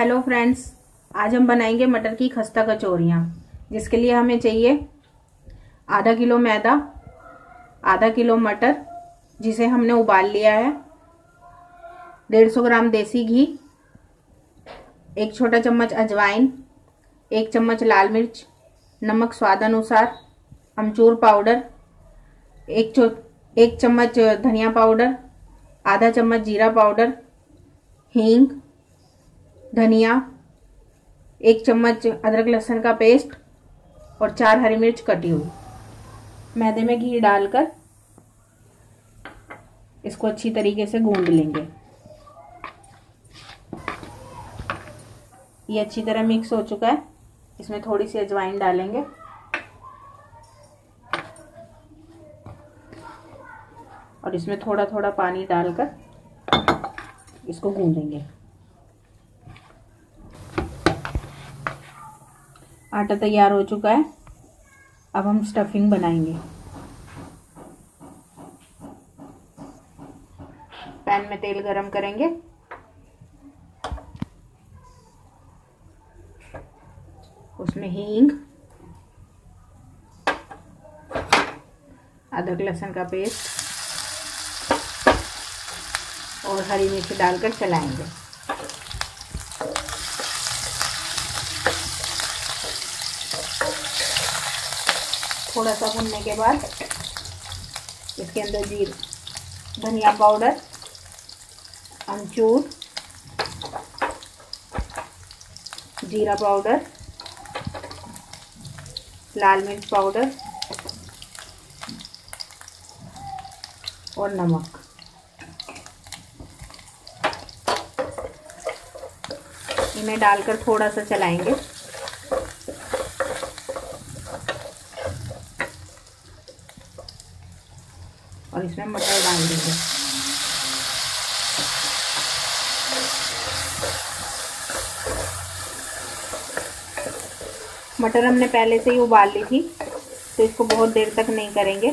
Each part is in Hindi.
हेलो फ्रेंड्स आज हम बनाएंगे मटर की खस्ता कचौरियाँ जिसके लिए हमें चाहिए आधा किलो मैदा आधा किलो मटर जिसे हमने उबाल लिया है डेढ़ सौ ग्राम देसी घी एक छोटा चम्मच अजवाइन एक चम्मच लाल मिर्च नमक स्वाद अनुसार अमचूर पाउडर एक चो एक चम्मच धनिया पाउडर आधा चम्मच जीरा पाउडर हींग धनिया एक चम्मच अदरक लहसुन का पेस्ट और चार हरी मिर्च कटी हुई मैदे में घी डालकर इसको अच्छी तरीके से गूंद लेंगे ये अच्छी तरह मिक्स हो चुका है इसमें थोड़ी सी अजवाइन डालेंगे और इसमें थोड़ा थोड़ा पानी डालकर इसको गूंदेंगे आटा तैयार हो चुका है अब हम स्टफिंग बनाएंगे पैन में तेल गरम करेंगे उसमें हींग अदरक लहसुन का पेस्ट और हरी मिर्च डालकर चलाएंगे थोड़ा सा भुनने के बाद इसके अंदर जीर धनिया पाउडर अमचूर जीरा पाउडर लाल मिर्च पाउडर और नमक इन्हें डालकर थोड़ा सा चलाएंगे और इसमें मटर डाल देंगे मटर हमने पहले से ही उबाल ली थी तो इसको बहुत देर तक नहीं करेंगे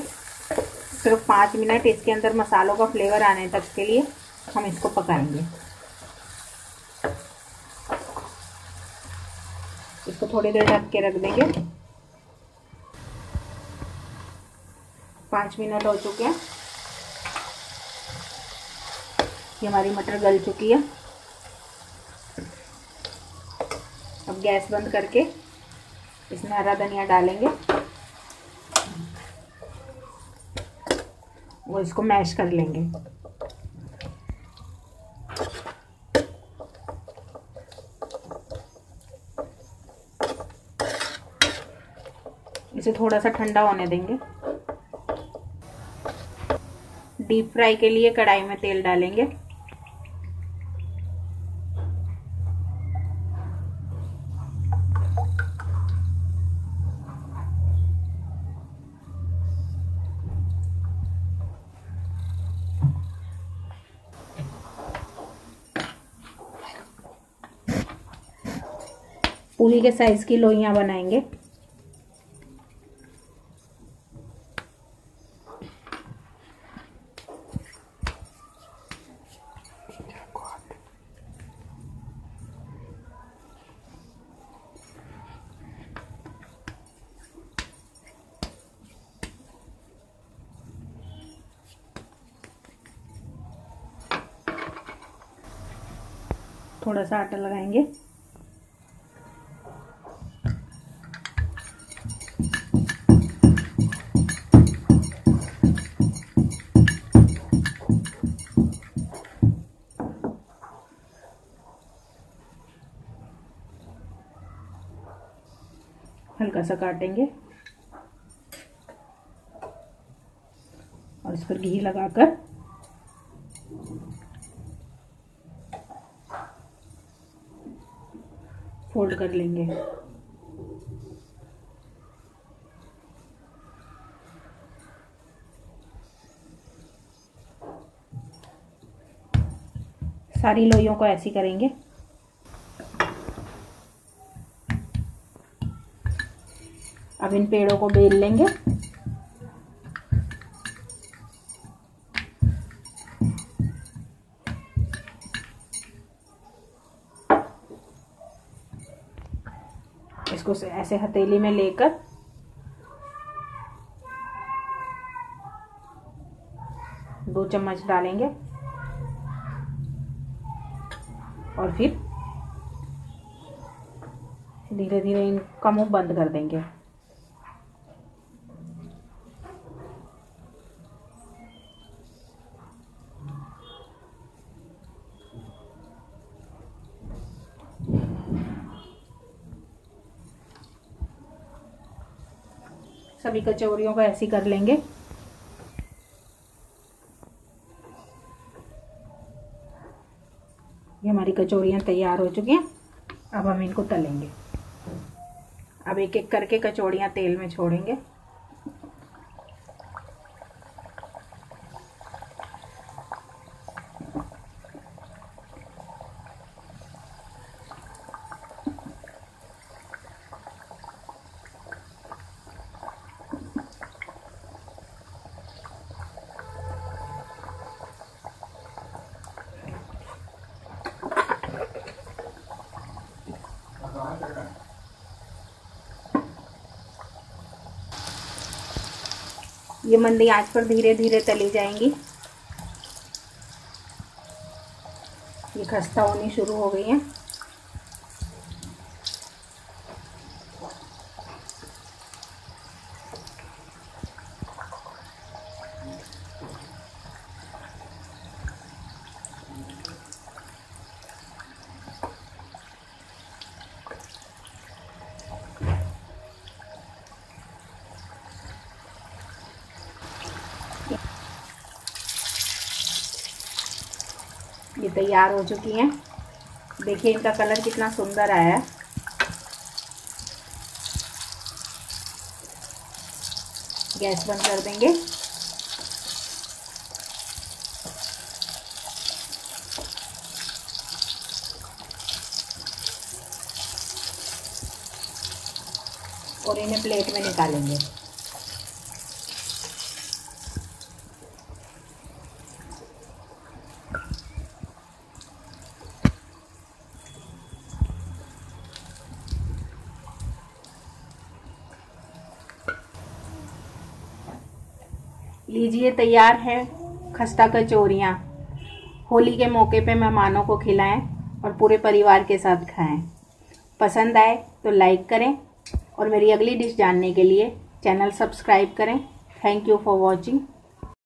सिर्फ पाँच मिनट इसके अंदर मसालों का फ्लेवर आने तक के लिए हम इसको पकाएंगे इसको थोड़ी देर ढक के रख देंगे पाँच मिनट हो चुके हैं ये हमारी मटर गल चुकी है अब गैस बंद करके इसमें हरा धनिया डालेंगे वो इसको मैश कर लेंगे इसे थोड़ा सा ठंडा होने देंगे डीप फ्राई के लिए कढ़ाई में तेल डालेंगे पूरी के साइज की लोइयाँ बनाएंगे थोड़ा सा आटा लगाएंगे हल्का सा काटेंगे और इस पर घी लगाकर फोल्ड कर लेंगे सारी लोइयों को ऐसी करेंगे अब इन पेड़ों को बेल लेंगे इसको ऐसे हथेली में लेकर दो चम्मच डालेंगे और फिर धीरे धीरे इनका मुंह बंद कर देंगे सभी कचौरियों को ऐसी कर लेंगे ये हमारी कचौरियाँ तैयार हो चुकी हैं अब हम इनको तलेंगे अब एक एक करके कचौड़ियाँ तेल में छोड़ेंगे ये मंदी आज पर धीरे धीरे तली जाएंगी ये खस्ता होनी शुरू हो गई है ये तैयार हो चुकी हैं देखिए इनका कलर कितना सुंदर आया है गैस बंद कर देंगे और इन्हें प्लेट में निकालेंगे लीजिए तैयार है खस्ता कचौरियाँ होली के मौके पे मेहमानों को खिलाएं और पूरे परिवार के साथ खाएं पसंद आए तो लाइक करें और मेरी अगली डिश जानने के लिए चैनल सब्सक्राइब करें थैंक यू फॉर वॉचिंग